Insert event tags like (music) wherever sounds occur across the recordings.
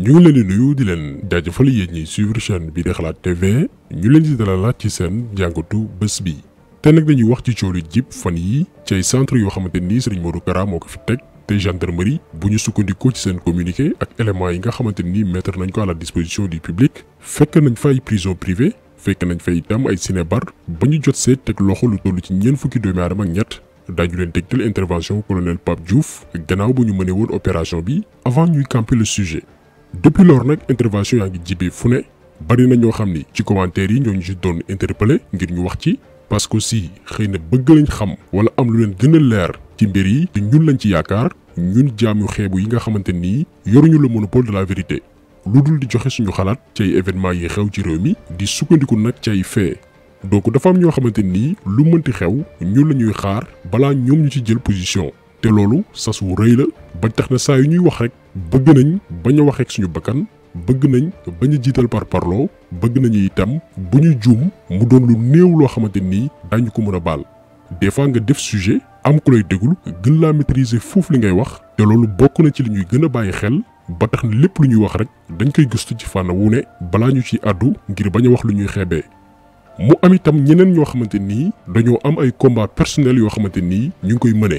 ñu ngi leen di nuyu di leen jaajëfal yéen ñiy suivre chaîne bi de khalat TV ñu leen di dalalaat ci seen jàngatu bés bi. té nak dañuy wax ci ciolu jip fan yi ci ay centre yo xamanteni Serigne Modou Kara moko fi tek té gendarmerie buñu ñu sukkandikoo ci seen communiqué ak élément yi nga xamanteni mettre nañ ko à la disposition du public fekk nañ fay prison privée fekk nañ fay tam ay cinébar buñu jot see tek loxo lu tollu ci ñeen fukki doomi adam ak ñett. daañu leen tegtal intervention colonel Pape Diouf gannaaw buñu ñu mënee opération bi avant ñuy camper le sujet depuis lors nag intervention yaa ngi jibee fu ne bari na ñoo xam ni ci commentaire yi ñoo ñu ci doon interpellé ngir ñu wax ci parce que aussi xëy na bëgg lañ xam wala am lu leen gën leer ci mbir yi te ñun lañ ci yaakaar ñun jaam xeebu yi nga xamante nii yoruñu le monopole de la vérité lu dul di joxe suñu xalaat ci ay événements yi xew ci réew mi di sukkandiku nag ci ay fee donc dafa am ñoo xamante nii lu mënti xew ñun la ñuy xaar balaa ñoom ñu ci jël position té loolu sas wu reuy la ba taxna na saa yu ñuy wax rek bëgg nañ baña wax rek suñu bakan bëgg nañ baña par parlo bëgg nañ itam bu ñu mu doon lu neew lo xamanteni dañ ko mëna bal des fois nga def sujet am ku lay déglu gën la maîtriser fouf li ngay wax té loolu bokk na ci li ñuy gëna bayyi xel ba tax lepp lu ñuy wax rek dañ koy gëstu ci fànn wu ne bala ñu ci addu ngir baña wax lu ñuy xébé mu am itam ñeneen ño xamanteni am ay combat personnel yo xamanteni ñu ngi koy mëne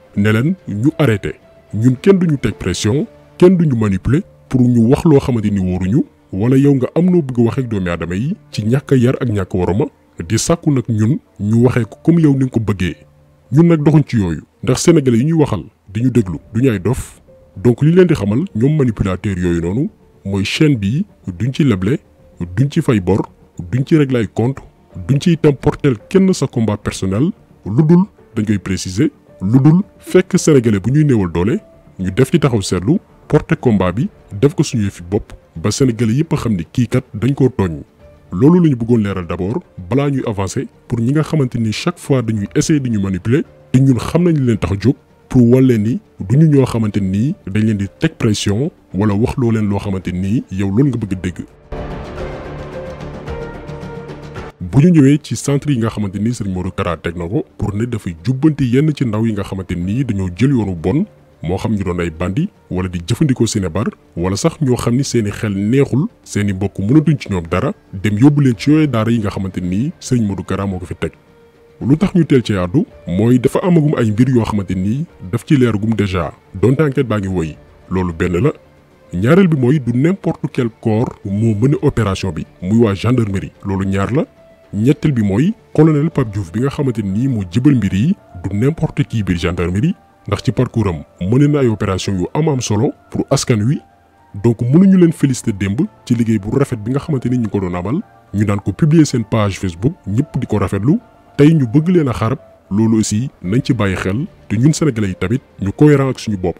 nous nous ñu arrêté Nous kenn duñu pression kenn duñu manipuler pour ñu wax fait wala yow nga amno bëgg a ak doomi ci yar ak waroma di sakku nak ñun ñu ko comme yow ni ko ñun nak doxun ci ndax sénégalais yi ñu waxal di déglu du dof donc li di xamal chaîne duñ ci lablé duñ ci fay bor duñ ci régler compte duñ ci sa combat personnel lu dañ koy préciser lu fekk sénégalais bu ñuy néewal doole ñu def ci taxaw sétlu porté combat bi def ko suñu fi bop ba sénégalais yépp a xam ni kii kat dañ ko togn loolu lañu bëggoon leeral d'abord balaa ñuy avancer pour ñi nga xamante ni chaque fois dañuy essayer di ñu manipuler te ñun xam nañ leen tax jóg pour wal leen ni duñu ñoo xamante nii dañ leen di teg pression wala wax loo leen loo xamante nii yow loolu nga bëgg dégg bu ñu ñëwee ci centre yi nga xamante ni sëriñ Modou Kara teg na ko pour ne dafay jubbanti yenn ci ndaw yi nga xamante nii dañoo jël yoonu bon moo xam ñu doon ay bandi wala di jëfandikoo seeni bar wala sax ñoo xam ni seeni xel neexul seeni mbokk mënatuñ ci ñoom dara dem yóbbu leen ci yooyu daara yi nga xamante nii sëriñ Modou Kara moo ko fi teg lu tax ñu teel ci àddu mooy dafa amagum ay mbir yoo xamante nii daf ci leeragum déjà donte enquête baa ngi woy loolu benn la ñaareel bi mooy du n'importe quel corps moo mën a opération bi muy waa gendarmerie loolu ñaar la ñetteel bi mooy colonel Pape Diouf bi nga xamante ni moo jëbal mbir yi du n'importe qui biir gendarmerie ndax ci parcours am mëne na ay opération yu am am solo pour askan wi donc mënuñu leen féliciter démb ci liggéey bu rafet bi nga xamante ni ñu ko doon amal ñu daan ko publier seen page Facebook ñëpp di ko rafetlu tey ñu bëgg leen a xarab loolu aussi nañ ci bàyyi xel te ñun sénégalais yi tamit ñu cohérent ak suñu bopp.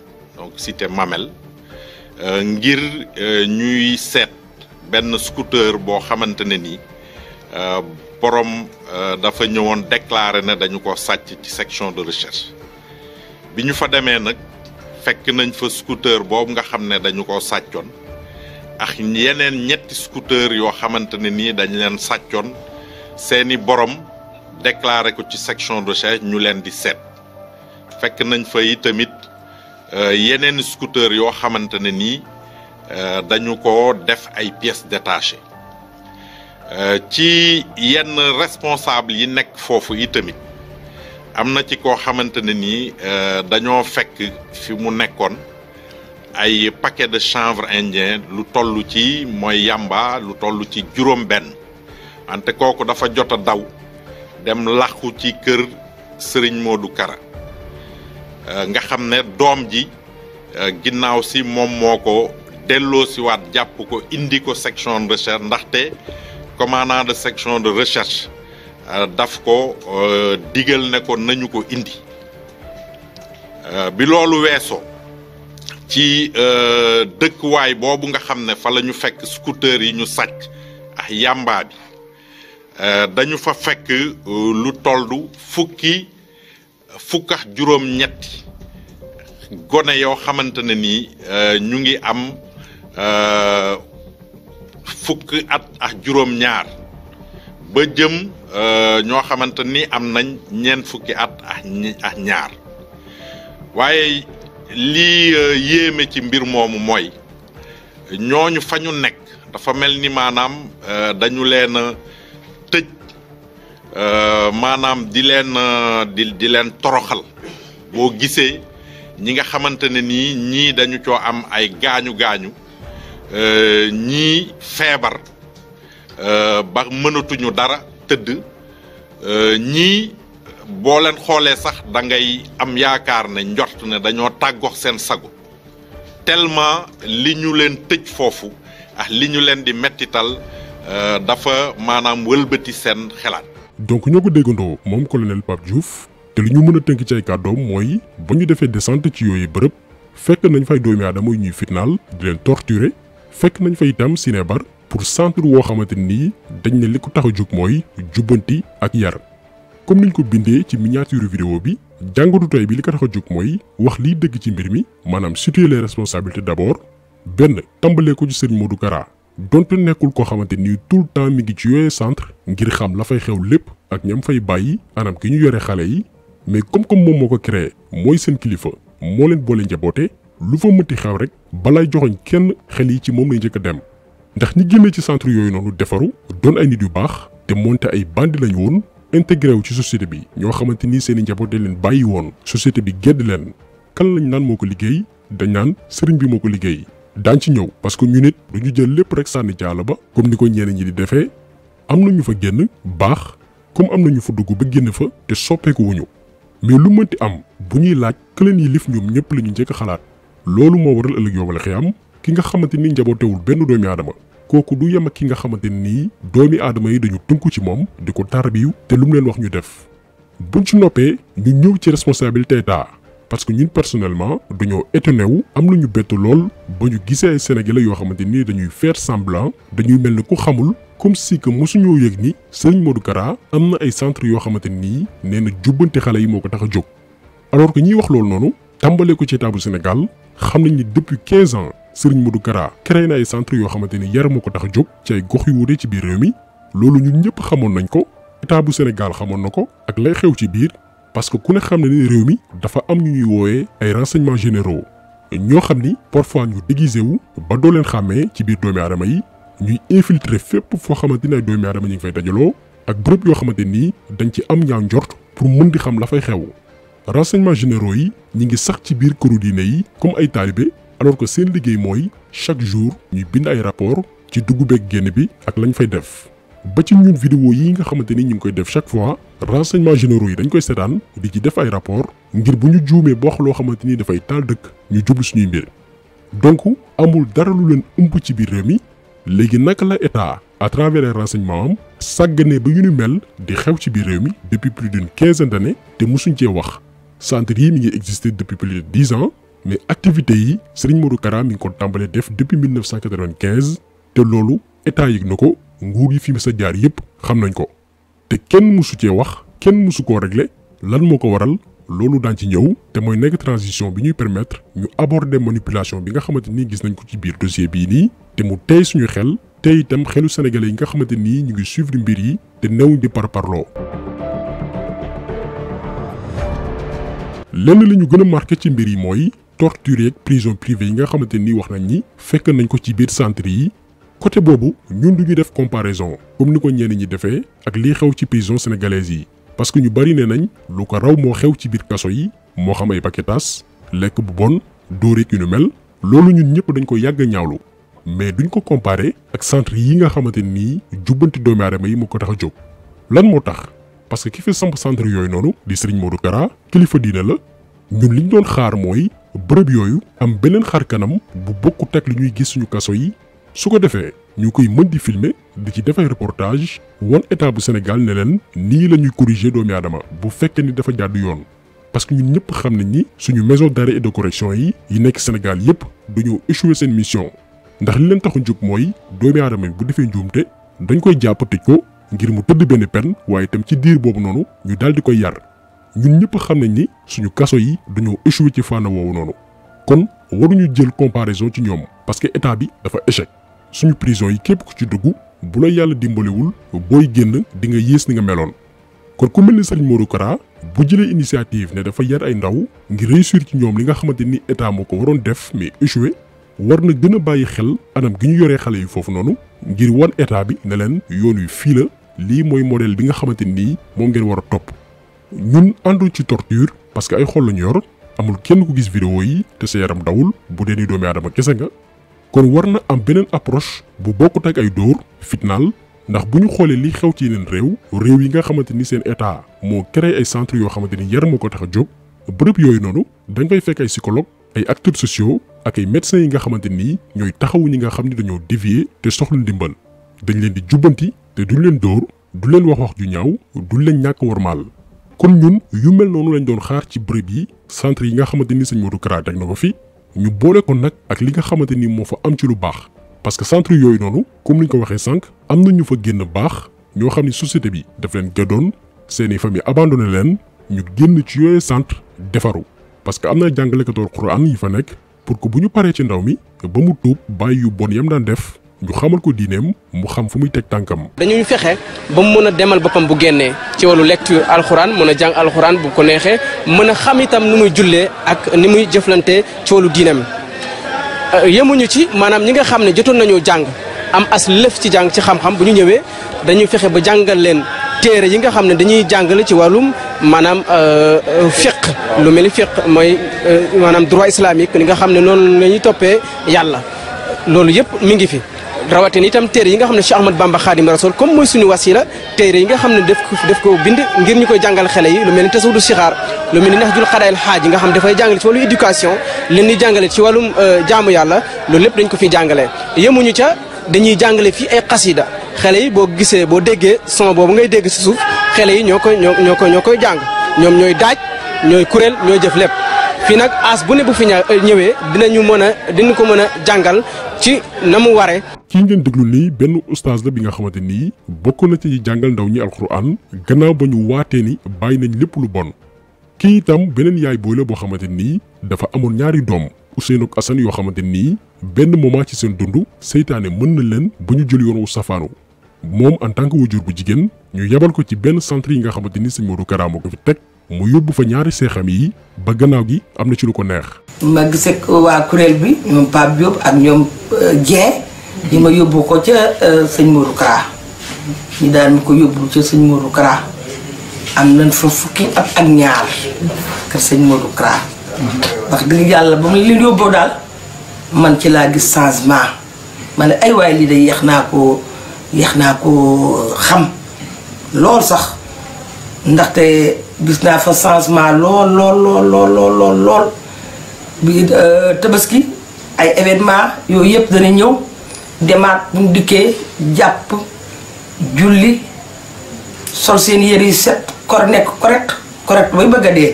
donc cité Mamel euh, ngir euh, ñuy set ben scooter bo xamantene ne ni euh, borom dafa ñëwon déclarer né dañu ko sacc ci section de recherche biñu fa démé nak fekk nañ fa scooter boobu nga xamné dañu ko saccion ak yeneen ñetti scooter yo xamantene ni dañ leen saccion seeni borom déclarer ko ci section de recherche ñu leen di set fekk nañ fa tamit Euh, Yenin scooter yo xamante ne euh, dañu ko def ay pièces détachées euh, ci yenn responsable yi nekk foofu itamit am na ci koo xamante ne nii dañoo fekk fi mu nekkoon ay paquet de chanvre indien lu toll ci mooy yamba lu toll ci ante dafa jot daw dem laxu ci kër sëriñ Modou Kara Euh, nga xam ne doom ji euh, ginnaaw si moom moo ko delloo siwaat jàpp ko indi ko section de recherche ndaxte commandant de section de recherche euh, daf ko digal ne ko nañu ko indi bi loolu weesoo ci dëkkuwaay boobu nga xam ne fa la ñu fekk scooter yi ñu sàcc ak yàmbaa bi dañu fa fekk lu tollu fukki fukk ak juróom-ñetti gone yoo xamante ne nii euh, ñu ngi am euh, fukk at ak juróom-ñaar ba jëm euh, ñoo xamante ni am nañ ñeent fukki at ak ñaar waaye lii yéeme ci mbir moomu mooy ñooñu fa ñu nekk dafa mel ni maanaam dañu leen Euh, maanaam di leen euh, di di leen toroxal boo gisee ñi nga xamante ne nii ñii dañu coo am ay gaañu gaañu euh, ñii feebar ba mënatuñu dara tëdd ñii boo leen xoolee sax da ngay am yaakaar ne njort ne dañoo tàggox seen sago tellement li ñu leen tëj foofu ah li ñu leen di mettital dafa maanaam wëlbati seen xelaat donc ñoo ko déggandoo moom colonel Pape jouf te li ñu mën a tënk ci ay kàddoom mooy ba ñu defee descente ci yooyu bërëb fekk nañ fay doomi aadama yu ñuy fitnaal di leen torturer fekk nañ fay itam sinébar pour centre woo xamante ni dañ ne li ko tax a jóg mooy jubbanti ak yar comme niñ ko bindee ci miniature vidéo bi jàngatu tey bi li ko tax a jóg mooy wax liy dëgg ci mbir mi maanaam situer les responsabilités d'abord benn tàmbalee ko ci sëriñ Modou Kara donte nekkul koo xamante ni tout le temps mi ngi ci yooyee centre ngir xam la fay xew lépp ak ñam fay bàyyi anam gi ñu yore xale yi mais comme comme moom moo ko créé mooy seen kilifa moo leen boole njaboote lu fa mënti xew rek balaay joxoñ kenn xel yi ci moom lay njëkk a dem ndax ñi génnee ci centre yooyu noonu defaru doon ay nit yu baax te moonte ay bandi lañ woon intégré wu ci société bi ñoo xamante ni seen i njaboote leen bàyyi woon société bi gedd leen kan lañ naan moo ko liggéey dañ naan sëriñ bi moo ko liggéey daan ci ñëw parce que ñu nit du ñu jël lépp rek sànni ci àll ba comme ni ko ñeneen ñi di defee am na ñu fa génn baax comme am na ñu fa dugg ba génn fa te soppeekuwuñu wuñu mais lu mënti am bu ñuy laaj ka yi lif ñoom ñëpp la ñu njëkk a xalaat loolu moo waral ëllëg yowal xiyaam ki nga xamante ni njabootewul benn doomi aadama kooku du yem ki nga xamante nii doomi aadama yi dañu tënku ci moom di ko tarbiyu te lu mu leen wax ñu def buñ ci noppee ñu ñëw ci responsabilité état parce que ñun personnellement dañoo étonné wu am nañu bett lool ba ñu sénégalais yo xamanteni dañuy faire semblant dañuy melni ni ku xamul comme si que mosuñoo yegg ni Serigne Modou Kara amna ay centre yo xamanteni néna nee xalé yi moko ko jog alors que ñi wax lool noonu tàmbalee ko ci état Sénégal xam ni depuis 15 ans Serigne Modou Kara créé na ay centre yo xamanteni yar moko ko jog ci ay gox yu wute ci biir réew mi loolu ñun ñëpp xamoon nañ ko état bu Sénégal xamoon na ko ak lay xew ci biir parce que ku ne xam ne réew mi dafa am ñu ñuy wooyee ay renseignements généraux ñoo xam ni parfois ñu déguisé wu ba doo leen xàmmee ci biir doomi aadama yi ñuy infiltrer fépp foo xamante ni ay doomi aadama ñu ngi fay dajaloo ak groupe yoo xamante nii dañ ci am ñaaw njort pour mën di xam la fay xew renseignements généraux yi ñi ngi sax ci biir këru diine yi comme ay taalibe alors que seen liggéey mooy chaque jour ñuy bind ay rapport ci dugg beeg génn bi ak lañ fay def ba ci ñun vidéo yi nga xamanteni ñu koy def chaque fois renseignements généraux yi dañ koy sétane di ci def ay rapport ngir bu ñu juumee boo wax loo xamante ni dafay taal dëkk ñu jublu suñu mbir donc amul dara lu leen ëmb ci biir réew mi léegi naka la état à travers les renseignements am sàgganee ba ñu ni mel di xew ci biir réew mi depuis plus d'une quinzaine d'années té mosuñ ci wax centre yi mi ngi exister depuis plus de 10 ans mais activité yi Serigne Modou Kara mi ngi ko tambalé def depuis 1995 té lolu état yi nako nguur yi fi mës a jaar yëpp xam nañ ko te kenn musu cee wax kenn musu koo régler lan moo ko waral loolu daan ci ñëw te mooy nekk transition bi ñuy permettre ñu aborder manipulation bi nga xamante nii gis nañ ko ci biir dossier bii nii te mu tey suñu xel te itam xelu sénégalais yi nga xamante nii ñu ngi suivre mbir yi te newuñ di parparloo lenn li ñu gën a marqué ci mbir yi mooy torture ak prison privée yi nga xamante nii wax nañ ni fekk nañ ko ci biir centre yi côté boobu ñun du ñu def comparaison comme ni ko ñenn ñi defee ak lii xew ci prison sénégalaise yi parce que ñu bari ne nañ lu ko raw moo xew ci biir kaso yi moo xam ay paquetage lekk bu bon dóore ki nu mel loolu ñun ñëpp dañ ko yàgg ñaawlu mais duñ ko comparé ak centre yi nga xamante nii jubbanti doomi aadama yi moo ko tax a jóg lan moo tax parce que ki fi samp centre yooyu noonu di Serigne Modou Kara kilifa diine la ñun liñ doon xaar mooy bërëb yooyu am beneen xaar kanam bu bokkut ak li ñuy gis suñu kaso yi su ko defee ñu koy mën di filmer di ci def reportage wan état bu Sénégal ne leen nii la ñuy corriger doomu aadama bu fekkee ni dafa jàddu yoon parce que ñun ñëpp xam nañ ni suñu maison d'arrêt et de correction yi yi nekk Sénégal yépp dañoo échoué seen mission ndax li leen taxu jóg mooy doomu aadama bu defee njuumte dañ koy jàpp tëj ko ngir mu tëdd benn pen waaye tam ci diir boobu noonu ñu daal di koy yar ñun ñëpp xam nañ ni suñu kaso yi dañoo échoué ci fànn woowu noonu kon waruñu jël comparaison ci ñoom parce que état bi dafa échec. suñu prison yi képp ku ci dugg bu la yàlla dimbalewul booy génn di nga yées ni nga meloon kon ku mel ni sëriñ Modou Kara bu jëlee initiative ne dafa yar ay ndaw ngir réussir ci ñoom li nga xamante ni état moo ko waroon def mais échoué war na gën a bàyyi xel anam gi ñu yoree xale yi foofu noonu ngir wan état bi ne leen yoon wi fii la lii mooy modèle bi nga xamante nii moom ngeen war a topp ñun àndul ci torture parce que ay xol lañu yor amul kenn ku gis vidéo yi te sa yaram dawul bu dee ni doomi aadama kese nga kon war na am beneen approche bu bokkut ak ay dóor fitnaal ndax bu ñu xoolee li xew ci yeneen réew réew yi nga xamante ni seen état moo créé ay centre yoo xamante ni yar moo ko tax a jóg bërëb yooyu noonu dañ koy fekk ay psychologue ay acteurs sociaux ak ay médecins yi nga xamante ni ñooy taxawu ñi nga xam ni dañoo dévier te soxla ndimbal dañ leen di jubbanti te duñu leen dóor du leen wax wax ju ñaw duñ leen ñàkk warmaal kon ñun yu mel noonu lañ doon xaar ci bërëb yi centre yi nga xamante ni sëñ Modou Kara teg na ko fi ñu boole ko nag ak li nga xamante ni moo fa am ci lu baax parce que centre yooyu noonu comme ni ñu ko waxee sànq am na ñu fa génn baax ñoo xam ni société bi daf leen gëddoon seeni famille abandonné leen ñu génn ci yooyu centre defaru parce que am na jàngalekatoor Quran yi fa nekk pour que bu ñu paree ci ndaw mi ba mu tuub bàyyi yu bon yam daan def ñu xamal ko diineem mu xam fu muy teg tànkam. dañuy fexe ba mu mën a demal boppam bu génnee ci wàllu lecture alxuraan mën a jàng alxuraan bu ko neexee mën a xam itam nu muy jullee ak ni muy jëflante ci wàllu diineem euh, yemuñu ci maanaam ñi nga xam ne jotoon nañoo jàng am as lëf ci jàng ci xam-xam bu ñu ñëwee dañuy fexe ba jàngal leen. téere yi nga xam ne dañuy jàngale ci wàllum maanaam euh, euh, fiq lu mel ni fiq mooy maanaam droit islamique li nga xam ne noonu lañuy toppee yàlla loolu yëpp mi ngi fi rawatina itam téere yi nga xam ne Cheikh Ahmad Bamba Khadim Rasoul comme mooy suñu wasila téere yi nga xam ne def def ko bind ngir ñu koy jàngal xale yi lu mel ni tasawudu sixaar lu mel ni nax jul xadaayal xaaj yi nga xam dafay jàngale ci wàllu éducation leen di jàngale ci wàllum euh, jaamu yàlla loolu lépp dañ ko fi jàngale yemuñu ca dañuy jàngale fii ay xasida xale yi boo gisee boo déggee son boobu ngay dégg si suuf xale yi ñoo koy ñoo koy ñoo koy jàng ñoom ñooy daaj ñooy kuréel ñooy jëf lépp fii nag as bu ne bu fi ñëwee dinañu mën a dinañ ko mën a jàngal ci na mu waree ki ngeen deglu ni benn oustaz la bi nga xamante ni bokk na ci ñi jàngal ndaw ñi alquran gannaaw ba ñu waatee ni bàyyi nañ lépp lu bon ki itam beneen yaay booy la boo xamante ni dafa amoon ñaari doom Ousseynou ak Assane yoo xamante ni benn moment ci seen dund seytaane mën na leen ba ñu jël yoonu wu safaanu moom en tant que wajur bu jigéen ñu yebal ko ci benn centre yi nga xamante ni sëñ Modou Kara ko fi teg mu yóbbu fa ñaari seexam yi ba gannaaw gi am na ci lu ko neex. ma gisek waa kuréel bi ñoom pap Diop ak ñoom euh, Dieng. ñi ma yóbbu ko ca euh, sëñ Modou Kara ñi daan ma ko yóbbu ca sëñ Modou Kara am nañ fa fukki ak ñaar kër sëñ Modou Kara wax dëgg yàlla ba mu leen yóbboo daal man ci laa gis changement ma ne ay waay lii de yeex naa ko yeex naa ko xam lool sax ndaxte gis naa fa changement lool lool lool lool lool lool lool bi euh, tabaski ay événement yooyu yëpp dana ñëw demaat bu mu dikkee jàpp julli sol seen yére yi set kor nekk correct correct bay bëgg dee.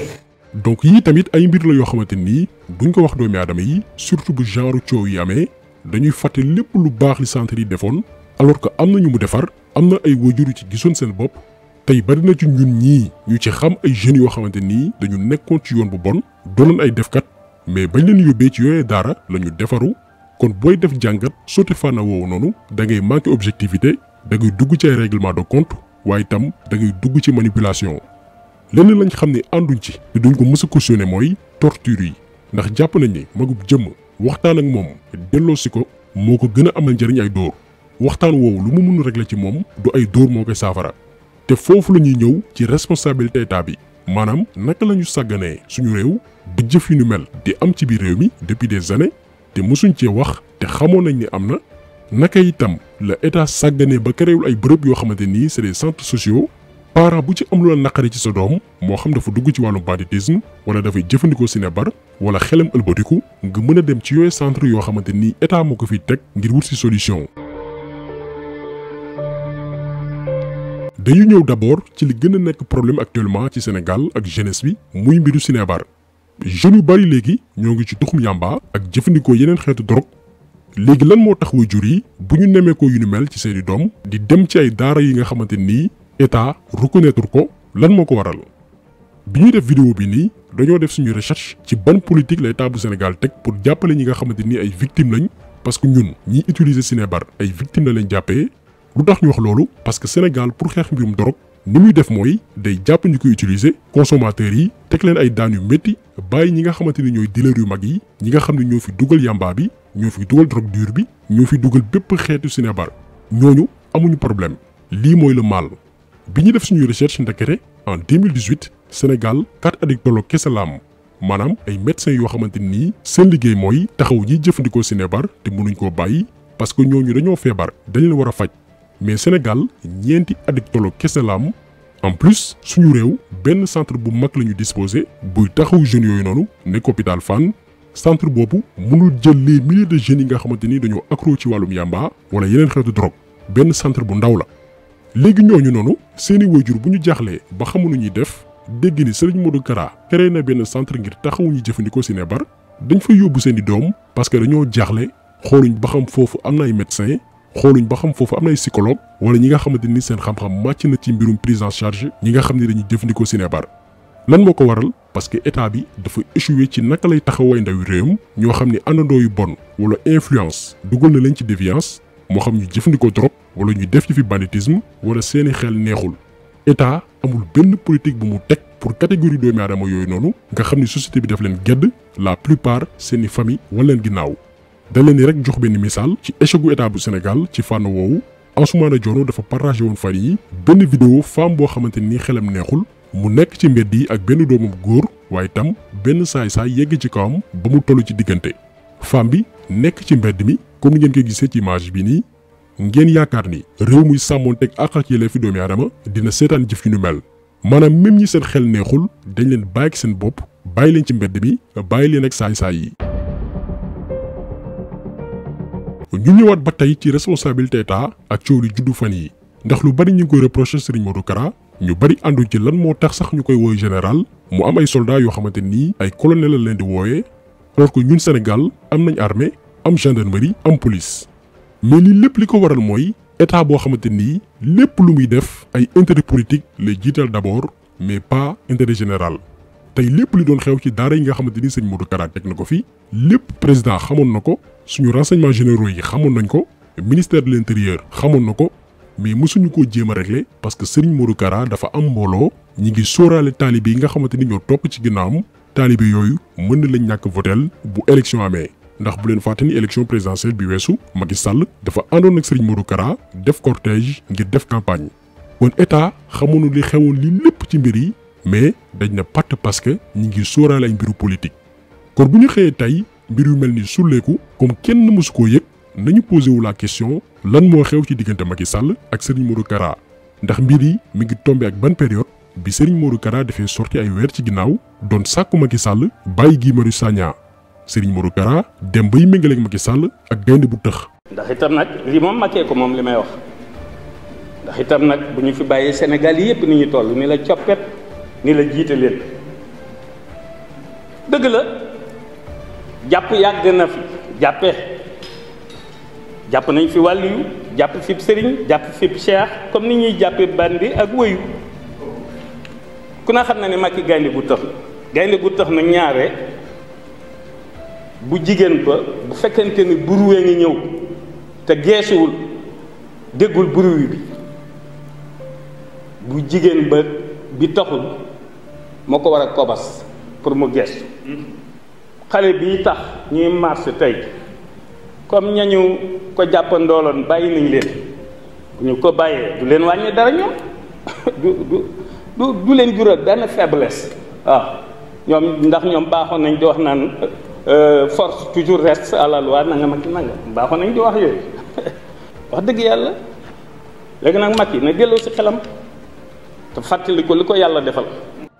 donc yii tamit ay mbir la yoo xamante ni buñ ko wax doomi aadama yi surtout bu genre coow yi amee dañuy fàtte lépp lu baax li centre yi defoon alors que am na ñu mu defar am na ay wajur yu ci gisoon seen bopp tey bari na ci ñun ñii ñu ci xam ay jeunes yoo xamante ni dañu nekkoon ci yoon bu bon doonoon ay defkat mais bañ leen yóbbee ci yooyee daara la ñu defaru kon booy def jàngat sotti fànna woowu noonu da ngay manqué objectivité da ngay dugg ci ay règlement de compte waaye itam dangay dugg ci manipulation lenn lañ xam ni ànduñ ci te duñ ko mës a cautionné mooy torture yi ndax jàpp nañ ni magub jëmm waxtaan ak moom delloo si ko moo ko gën a amal njëriñ ay dóor waxtaan woowu lu mu mun régler ci moom du ay dóor moo koy saafara te foofu la ñuy ñëw ci responsabilité état bi maanaam naka lañu ñu sàgganee suñu réew ba jëf yu nu mel di am ci biir réew mi depuis des années te mosuñ cee wax te xamoon nañ ni am na naka itam la état sàgganee ba créewul ay bërëb yoo xamante ni c'est des centres sociaux parent bu ci am lu la naqari ci sa doom moo xam dafa dugg ci wàllum banditisme wala dafay jëfandikoo sinébar wala xelam ëlbatiku ngi mën a dem ci yooyu centre yoo xamante ni état moo ko fiy teg ngir wut si solution. dañu ñëw d'abord ci li gën a nekk problème actuellement ci Sénégal ak jeunesse bi muy mbiru sinébar jeunes yu bari léegi ñoo ngi ci tuxum yàmba ak jëfandikoo yeneen xeetu drogue léegi lan moo tax waajur yi bu ñu nemee ko yu ni mel ci seeni doom di dem ci ay daara yi nga xamante nii état reconnaître ko lan moo ko waral bi ñuy def vidéo bi nii dañoo def suñu recherche ci ban politique la état bu Sénégal teg pour jàppale ñi nga xamante ni ay victimes lañ parce que ñun ñiy utiliser Sinébar ay victimes la lañ jàppee lu tax ñu wax loolu parce que Sénégal pour xeex mbirum drogue ni muy def moy day japp ñu koy utiliser consommateurs yi tek leen ay metti bay nga dealer yu mag yi ñi nga fi yamba bi ñoo fi drogue dur bi ñoo fi cinébar problème li le mal def en 2018 Sénégal 4 addict, kese la manam ay médecin yo xamanteni nii seen liggéey taxaw cinébar te mënuñ ko parce que mais Sénégal ñeenti de kese la en plus suñu réew benn centre bu mak lañu disposé taxaw jeunes yoy nonu né hôpital fan. centre Bobu, mënul jël les milliers de jeunes yi nga xamanteni dañu accro ci wala yeneen centre bu ndaw la. un ñoñu qui seeni wajur buñu jaxlé ba xamu def dégg ni Serigne Modou Kara créé na centre ngir taxawu ñu dañ parce que ba xam xooluñ ba xam fofu am na ay psychologue wala ñi nga xamante ni seen xam-xam màcc na ci mbirum prise en charge ñi nga xam ne dañuy jëfandikoo cinébar lan moko waral parce que état bi dafa échoué ci naka lay taxawaay ndawi réewam ñoo xam ne yu bon wala influence dugul na leen ci déviance mo xam ñu jëfandikoo trop wala ñu def ci fi banditisme wala seeni xel neexul état amul benn politique bu mu teg pour catégorie doomi aadama yooyu noonu nga xam ni société bi daf leen gedd la plupart seeni famille wala leen ginnaaw dañ leen di rek jox benn misaal ci échec gu état Sénégal ci fànn woowu Ansoumana Dione dafa partagé woon fan yi benn vidéo femme boo xamante ni xelam neexul mu nekk ci mbedd yi ak benn doomam góor waaye tam benn saay-saay yegg ci kawam ba mu toll ci diggante femme bi nekk ci mbedd mi comme ni ngeen koy gisee ci image bi nii ngeen yaakaar ni réew muy sàmmoon teg àq fi yelleefi doomi aadama dina seetaan jëf yu nu mel maanaam même ñi seen xel neexul dañu leen bàyyi seen bopp bàyyi leen ci mbedd mi bàyyi leen ak saay-saay yi ñu ñëwaat ba tey ci responsabilité état ak coow li juddu fan yi ndax lu bari ñu ngi koy reproché Serigne Modou Kara ñu bari àndu ci lan moo tax sax ñu koy wooy général mu am ay soldats yoo xamante nii ay colonel la leen di wooyee alors que ñun Sénégal am nañ armée am gendarmerie am police mais lii lépp li ko waral mooy état boo xamante nii lépp lu muy def ay intérêt politique lay jiital d'abord mais pas intérêt général tey lépp li doon xew ci daara yi nga xamante ni sëñ Modou Kara teg na ko fi lépp président xamoon na ko suñu renseignements généraux yi xamoon nañ ko ministère de l'intérieur xamoon na ko mais mosuñu koo jéem a régler parce que Serigne Modou Kara dafa am mbooloo ñi ngi sóoraale taalibe yi nga xamante ni ñoo topp ci ginnaawam taalibe yooyu mën na lañ ñàkk votel bu élection amee ndax bu leen fàtte ni élection présidentielle bi weesu Macky Sall dafa àndoon ak Serigne Modou Kara def cortège ngir def campagne kon état xamoon li xewoon li lépp ci mbir yi mais dañ na patt parce que ñi ngi sóoraale ay mbiru politique kon bu ñu xëyee tey mbir yu mel ni sulleeku comme kenn mosu koo yëg nañu posé wu la question lan moo xew ci diggante Macky Sall ak Serigne Modou Kara ndax mbir yi mi ngi tombé ak ban période bi Serigne Modou Kara defee sorti ay weer ci ginnaaw doon sàkku Macky Sall bàyyi gi Marius Sagna Serigne Modou Kara dem bay ak Macky Sall ak gaynde bu tëx. ndax itam nag li moom makkee ko moom li may wax ndax itam nag bu ñu fi bàyyee Sénégal yépp ni ñu toll ni la coppet ni la jiite dëgg la japp yag na fi jappé japp nañ fi wàlliyu japp fi serigne japp fi cheikh comme ni ñi jappé bandi ak wayu ku na xam na ne Macky gaynde gu tax gaynde gu tax na ñaare bu jigen ba bu fekkente ni buruwee ngi ñew te geesuwul déggul buruwi bi bu jigen ba bi taxul wara kobas pour mu xale bi tax ñuy marché tay comme ñañu ko jappandolon bàyyi nañ leen ñu ko bayé du leen wañi dara ñom (laughs) du du du du leen jura ben faiblesse ah ñom ndax ñom baxo nañ di wax euh force toujours reste à la loi nangam ak nangam baxo nañ di wax yoy wax deug yalla léegi nak makki na gelo ci xelam te fatali ko li yalla defal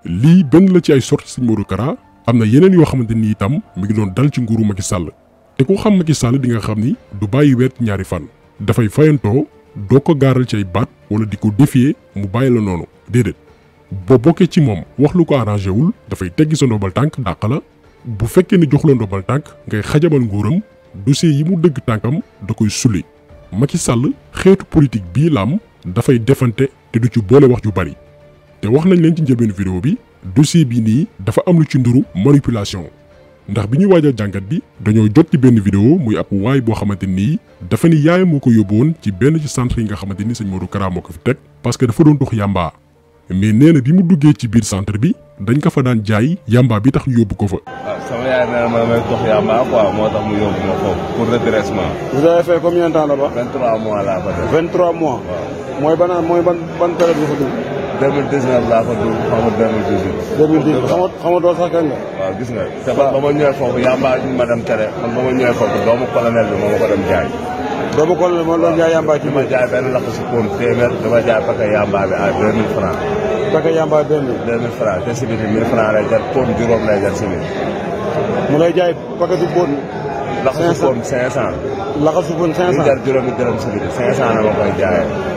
li ben la ci ay sorte ci Modou Kara am na yeneen yoo xamante ni itam mu ngi doon dal ci nguuru Macky Sall te ku xam Macky Sall di nga xam ni du bàyyi weer ñaari fan dafay fayantoo doo ko gaaral ci ay baat wala di ko défier mu bàyyi la noonu déedéet boo bokkee ci moom wax lu ko arrangé wul dafay teggi sa ndombal tànk dàq la bu fekkee ni jox la ndombal tànk ngay xajamal nguuram dossier yi mu dëgg tànkam da koy sulli Macky Sall xeetu politique bii la am dafay defante te du ci boole wax ju bari té wax nañ leen ci njëbeen vidéo bi dossier bi nii dafa am lu ci nduru manipulation ndax bi ñuy waajal jàngat bi dañoo jot ci benn vidéo muy ab waay boo xamante nii dafa ni yaay moo ko yóbboon ci benn ci centre yi nga xamante ni sëñ Modou Kara moo ko fi teg parce que dafa doon dox yamba mais nee na bi mu duggee ci biir centre bi dañ ko fa daan jaay yamba bi tax ñu yóbbu ko fa sama yaay nee na ma damay dox yàmbaa quoi moo tax mu yóbbu ma foofu pour redressement vous avez fait combien de temps là-bas 23 mois là-bas 23 mois waaw mooy ban mooy ban ban période nga fa dugg 2019 laa ko dugg xaw ma 2018. 2018 xaw ma xaw ma doo sax kañ waaw gis nga. te ba ma ñëwee foofu yàmbaa ma dem tere ba ma ñëwee foofu doomu colonel bi moo ma ko dem jaay. doomu colonel moo doon jaay yàmbaa ci ma jaay benn lax si poone téeméer dama jaay paka yàmbaa bi à 2000 francs. paka yàmbaa 2000. 2000 francs te si biir 1000 francs jar poone juróom lay jar si mu lay jaay paka du poone. 500 laxasu poone 500. laxasu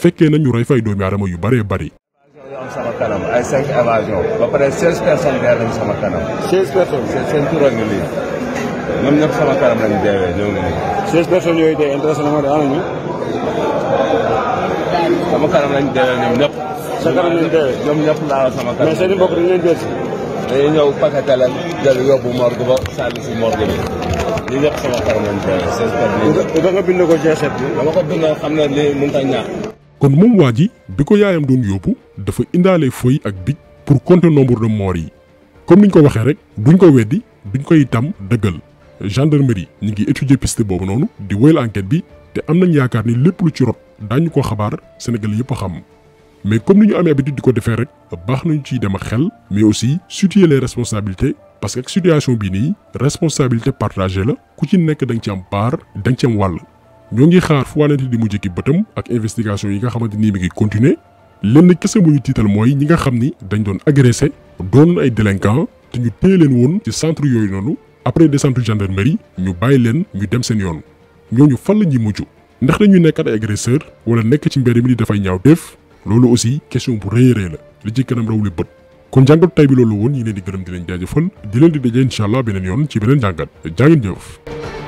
fekkee nañu rey fay doomi aadama yu bëree bëri. am sama kanam ay cinq évasion ba pare seize personnes dee sama kanam. seize personnes ñoom ñëpp sama kanam lañ deewee ñoo ngi nii. seize personnes yooyu dee intéressé na ma de anañu. sama kanam lañ deewee ñëpp. sa kanam lañ deewee ñoom ñëpp laa sama kanam. mais seen i mbokk leen jël si. dañuy ñëw paqueté leen jël yóbbu morgue ba sànni si morgue bi ñi ñëpp sama kanam lañ deewee seize personnes. a kon moom waa biko bi ko yaayam doon yóbbu dafa indaale feuille ak bic pour compter nombre de morts yi comme niñ ko waxee rek duñ ko weddi duñ koy tam dëggal gendarmerie ñi ngi étudier piste boobu noonu di wéyal enquête bi te am nañ yaakaar ni lépp lu ci rot dañu ko xabaar Sénégal yëpp xam mais comme ni ñu amee habitude di ko defee rek baax nañu ci dem xel mais aussi sutier les responsabilités parce que ak situation bi nii responsabilité partagée la ku ci nekk da ci am part da ci am wàll. ñoo ngi xaar fu wàllante di mujj ki bëtam ak investigation yi nga xamante ni mi ngi continuer lenn kese mu ñu tiital mooy ñi nga xam ni dañ doon agressé doon ay délinquant te ñu téye leen woon ci centre yooyu noonu après de descente gendarmerie ñu bàyyi leen ñu dem seen yoon ñooñu fan la ñuy mujj ndax dañuy nekkat ay agresseur wala nekk ci mbedd mi di dafay ñaaw def loolu aussi question bu rëy rëy la li ci kanam rawli bët kon jàngatu tay bi loolu woon ñi leen di gërëm di leen jaajëfal di leen di daje incha allah beneen yoon ci beneen jàngat jaa ngeen